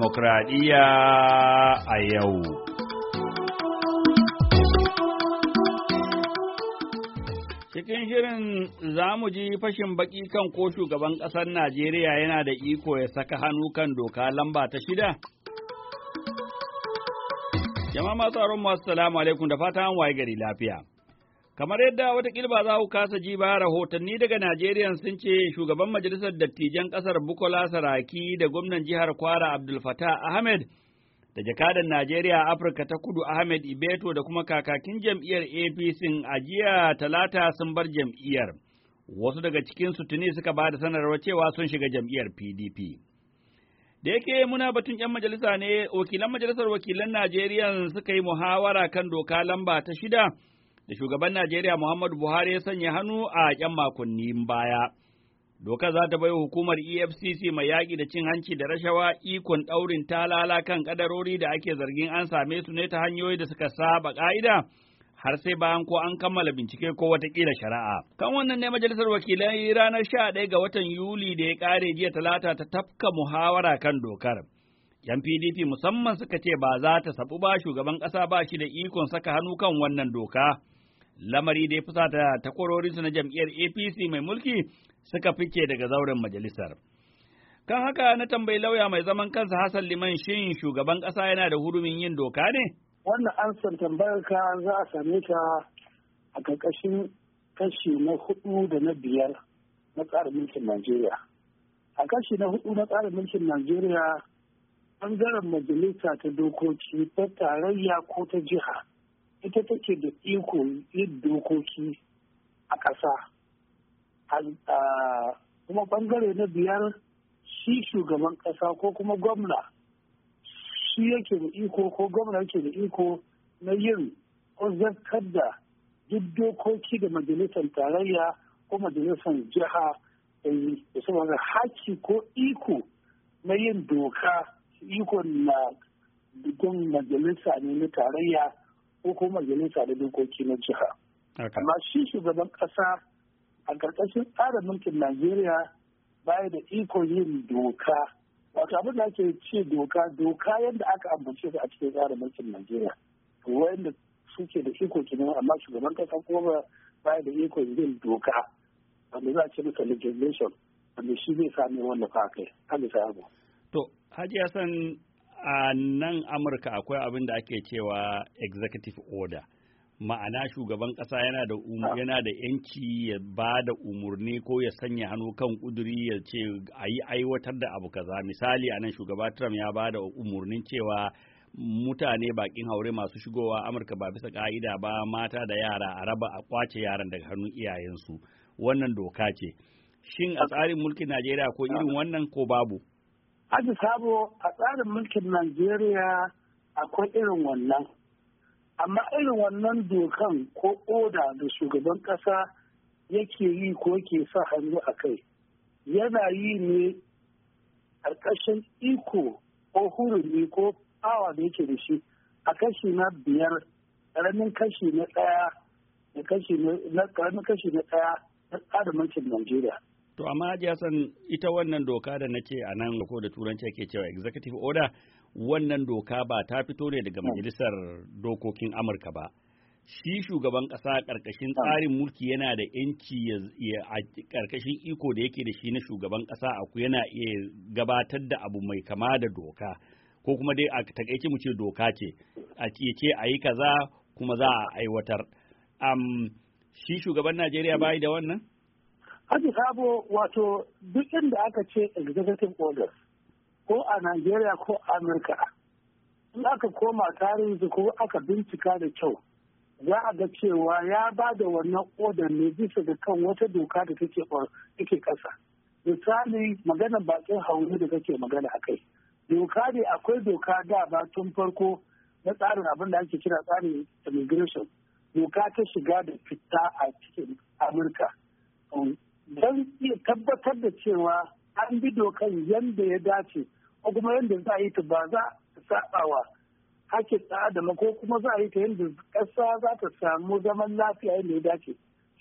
demokradiyya a yau. Cikin shirin za mu ji fashin baki kan ko shugaban ƙasar Najeriya yana da iko ya saka hannu kan doka lamba ta shida. Jama'a masu tsaron masu salamu alaikum da fatan waye gari lafiya. Kamar yadda wata kilba za ku kasa ji ba rahotanni daga Najeriya sun ce shugaban majalisar dattijan Kasar Bukola Saraki da gwamnan jihar Kwara Abdul Fatah Ahmed da jakadan Najeriya a Afirka ta Kudu Ahmed Ibeto da kuma kakakin jam'iyyar APC a jiya talata sun bar jam'iyyar. Wasu daga su tuni suka ba da sanarwa cewa sun shiga jam'iyyar PDP. da yake muna batun 'yan majalisa ne wakilan majalisar wakilan Najeriya suka yi muhawara kan doka lamba ta shida da shugaban Najeriya Muhammadu Buhari ya sanya hannu a yan makonnin baya. Doka za ta bai hukumar EFCC mai yaƙi da cin hanci da rashawa ikon ɗaurin talala kan ƙadarori da ake zargin an same su ne ta hanyoyi da suka saba ƙa'ida har sai bayan ko an kammala bincike ko watakila shari'a. Kan wannan ne majalisar wakilai ranar sha ɗaya ga watan Yuli da ya ƙare jiya talata ta tafka muhawara kan dokar. ‘Yan PDP musamman suka ce ba za ta sabu ba shugaban ƙasa ba shi da ikon saka hannu kan wannan doka. lamari da ya fusata takwarorinsu na jam'iyyar APC mai mulki suka fice daga zauren majalisar. Kan haka na tambayi lauya mai zaman kansa Hassan Liman shin shugaban ƙasa yana da hurumin yin doka ne? Wannan ansan tambayar ka za a same ta a ƙarƙashin kashi na hudu da na biyar na tsarin mulkin Najeriya. A kashi na hudu na tsarin mulkin Najeriya, ɓangaren majalisa ta dokoki ta tarayya ko ta jiha. ita take da iko yin dokoki a ƙasa kuma bangare na biyar shi shugaban ƙasa ko kuma gwamna shi yake da iko ko gwamna yake da iko na yin zartar da duk dokoki da majalisar tarayya ko majalisar jiha da yi da haki ko iko na yin doka iko na dukkan majalisa ne na tarayya ko kuma majalisa da dokoki na jiha. Amma shi shugaban ƙasa a ƙarƙashin tsarin mulkin Najeriya baya da ikon yin doka. Wato abin da ake ce doka, doka yadda aka ambace su a cikin tsarin mulkin Najeriya. Wanda suke da iko kinu amma shugaban ƙasa kuma baya da ikon yin doka. Wanda za a ce masa legislation. Wanda shi zai sami wanda fa kai. To, Hajiya san a nan amurka akwai abin da ake cewa executive order ma'ana shugaban ƙasa yana da um-, ah. yana da yanci ya ba da umurni ko ya sanya hannu kan kuduri ya ce a yi aiwatar da abu kaza misali a nan shugaba trump ya ba da umurnin cewa mutane bakin haure masu shigowa amurka ba bisa ka'ida ba mata da yara a raba a kwace yaran daga hannun iyayensu wannan doka ce shin a ah. tsarin mulkin najeriya ko ah. irin wannan ko babu Aji sabo a tsarin mulkin Najeriya akwai irin wannan. Amma irin wannan dokan ko oda da shugaban ƙasa yake yi ko ke sa hannu a kai, yana yi ne ƙarƙashin iko ko hurumi ko awa da yake da shi a kashi na biyar, ƙaramin kashi na ɗaya, na kashi na ɗaya na tsarin mulkin Najeriya. To amma Hajiya san ita wannan doka da na ce a nan ko da turanci ake cewa executive order wannan doka ba ta fito ne daga majalisar dokokin Amurka ba. Shi shugaban kasa ƙarƙashin tsarin mulki yana da ‘yanci a ƙarƙashin iko da yake da shi na shugaban kasa aku yana iya gabatar da abu mai kama da doka ko kuma dai a takaice mu ce doka ce a ce a yi kaza kuma za a aiwatar. shi shugaban Najeriya bayi da wannan? Haji Sabo wato duk inda aka ce executive orders ko a Najeriya ko Amurka in aka koma tarihi ko aka bincika da kyau za a ga cewa ya ba da wannan order ne bisa da kan wata doka da take take ƙasa. Misali magana bakin hauni da kake magana a kai. Doka ne akwai doka da ba tun farko na tsarin abin da ake kira tsarin immigration. Doka ta shiga da fita a cikin Amurka. don iya tabbatar da cewa an bi dokan yadda ya dace ko kuma yadda za a yi ta ba za ta saɓawa haƙƙin adama ko kuma za a yi ta yadda ƙasa za ta samu zaman lafiya yadda ya dace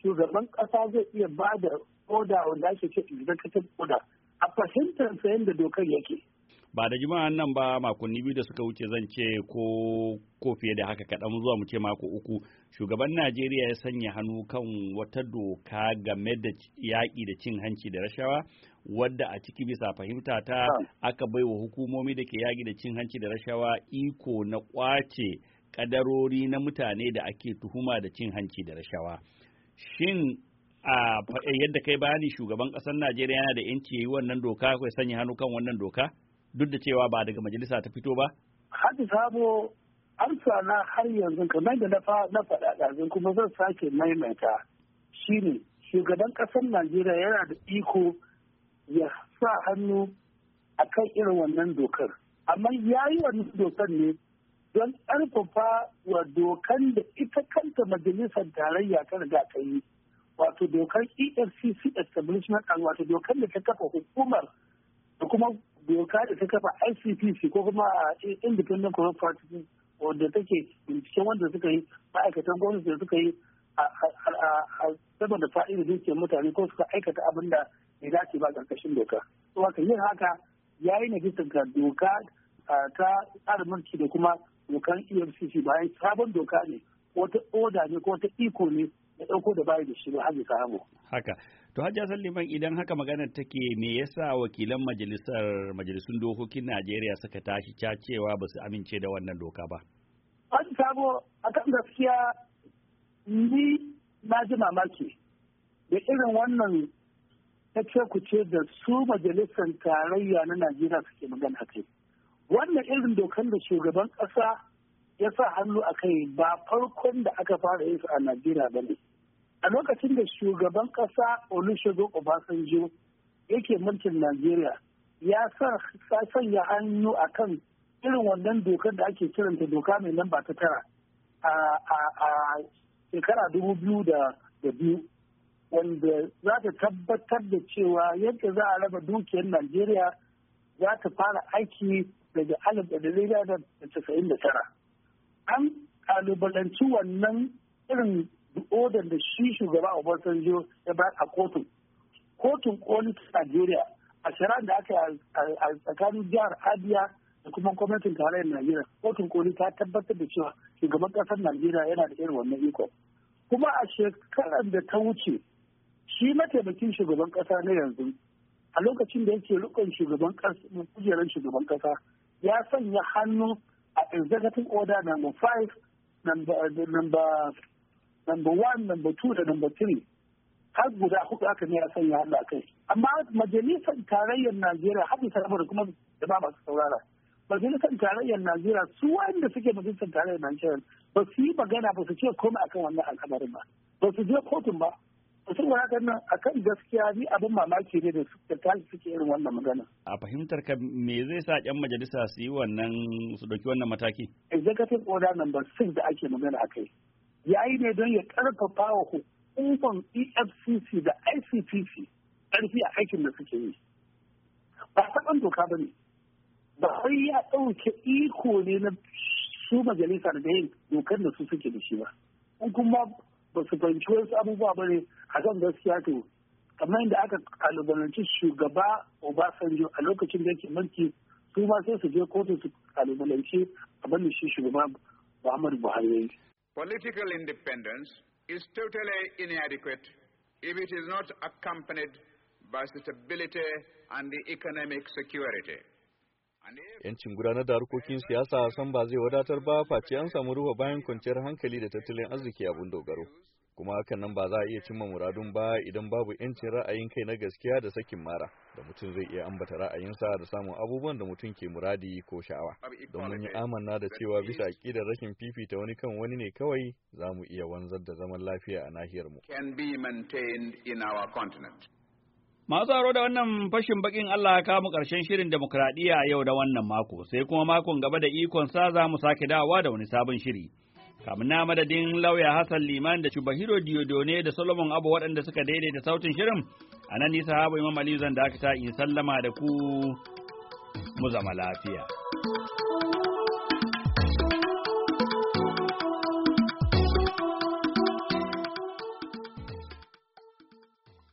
shugaban ƙasa zai iya ba da oda wanda ake ce executive oda a fahimtar sa yadda dokan yake ba da juma'an nan ba makonni biyu da suka wuce zan ce ko ko fiye da haka kaɗan zuwa mu ce mako uku shugaban najeriya ya sanya hannu kan wata doka game da yaƙi da cin hanci da rashawa wadda a ciki bisa fahimta ta aka baiwa hukumomi da ke yaƙi da cin hanci da rashawa iko na ƙwace ƙadarori na mutane da ake tuhuma da cin hanci da rashawa shin a yadda kai bayani shugaban ƙasar najeriya yana da yanci yi wannan doka ya sanya hannu kan wannan doka duk da cewa ba daga majalisa ta fito ba? Haji sabo amsa na har yanzu kamar da na faɗa ɗazin kuma zan sake maimaita Shi ne shugaban ƙasar Najeriya yana da iko ya sa hannu a kan irin wannan dokar. Amma ya yi wannan dokar ne don ƙarfafa wa dokar da ita kanta majalisar tarayya ta riga ta yi. Wato dokar EFCC Establishment and wato dokar da ta kafa hukumar da kuma doka da ta kafa ICPC ko kuma Independent Corrupt Practices wanda take binciken wanda suka yi ma'aikatan gwamnati da suka yi a saboda da dukiyar mutane ko suka aikata abin da ya dace ba ƙarƙashin doka. To haka yin haka ya yi najisar ga doka ta tsarin mulki da kuma dokan EFCC bayan sabon doka ne wata oda ne ko wata iko ne da ɗauko da bayi da shi ba haka samu. Haka. To Hajja Salliman idan haka maganar take me yasa wakilan majalisar majalisun dokokin Najeriya suka tashi cacewa ba su amince da wannan doka ba? An a akan gaskiya ni na ji mamaki da irin wannan ta kuce da su majalisar tarayya na Najeriya suke magana kai. Wannan irin dokan da shugaban ƙasa ya sa hannu a kai ba farkon da aka fara yin su a Najeriya ba ne. a lokacin da shugaban ƙasa olusegun obasanjo yake mulkin najeriya ya sanya hannu a kan irin wannan dokar da ake kiranta doka mai lamba ta tara a shekara dubu biyu da biyu wanda za ta tabbatar da cewa yadda za a raba dukiyar najeriya za ta fara aiki daga alif da da da tara an kalubalanci wannan irin duk odan da shi shugaba a wasan Obasanjo ya bayar a kotun. Kotun koli ta Najeriya a shirar da aka yi a tsakanin jihar Abia da kuma gwamnatin tarayyar Najeriya kotun koli ta tabbatar da cewa shugaban kasar Najeriya yana da irin wannan iko. Kuma a shekarar da ta wuce shi mataimakin shugaban kasa na yanzu a lokacin da yake rukun shugaban kasa kujerar shugaban ƙasa ya sanya hannu a executive order number 5 number number one number two da number three har guda hudu aka ne a sanya hannu a kai amma majalisar tarayyar najeriya har da da kuma da ba masu saurara majalisar tarayyar najeriya su wanda suke majalisar tarayyar najeriya ba su yi magana ba su ce komai akan wannan al'amarin ba ba su je kotun ba mutum haka a akan gaskiya ni abin mamaki ne da suke tashi suke irin wannan magana. A fahimtar ka me zai sa ƴan majalisa su yi wannan su ɗauki wannan mataki? Executive order number six da ake magana a kai. ya yi ne don ya karfafa wa hukumar efcc da icpc ƙarfi a aikin da suke yi ba saɓan doka ba ne ba wai ya ɗauke iko ne na su majalisar da yin dokar da su suke da shi ba in kuma ba su fahimci wasu abubuwa ba ne a kan gaskiya to kamar yadda aka kalubalanci shugaba obasanjo a lokacin da yake mulki su ma sai su je kotu su kalubalanci abin da shi shugaba muhammadu buhari ya Political independence is totally inadequate if it is not accompanied by stability and the economic security. Yancin gudanar da harkokin siyasa san ba zai wadatar ba face an samu ruwa bayan kwanciyar hankali da tattalin arziki abun dogaro. kuma hakan nan ba za a iya cimma muradun ba idan babu yancin ra'ayin kai na gaskiya da sakin mara da mutum zai iya ambata ra'ayinsa da samun abubuwan da mutum ke muradi ko sha'awa don mun yi amanna da cewa bisa aƙidar rashin fifita wani kan wani ne kawai za mu iya wanzar da zaman lafiya a nahiyar mu Masu haro da wannan fashin bakin Allah ya kamu karshen shirin demokradiyya yau da wannan mako, sai kuma makon gaba da ikon sa za mu sake dawowa da wani sabon shiri. Kamun na madadin lauya Hassan Liman da Shubahiro Diodone da Solomon Abu waɗanda suka daidaita sautin shirin, a nan nisa habu Imam Aliyu zan dakata in sallama da ku mu zama lafiya.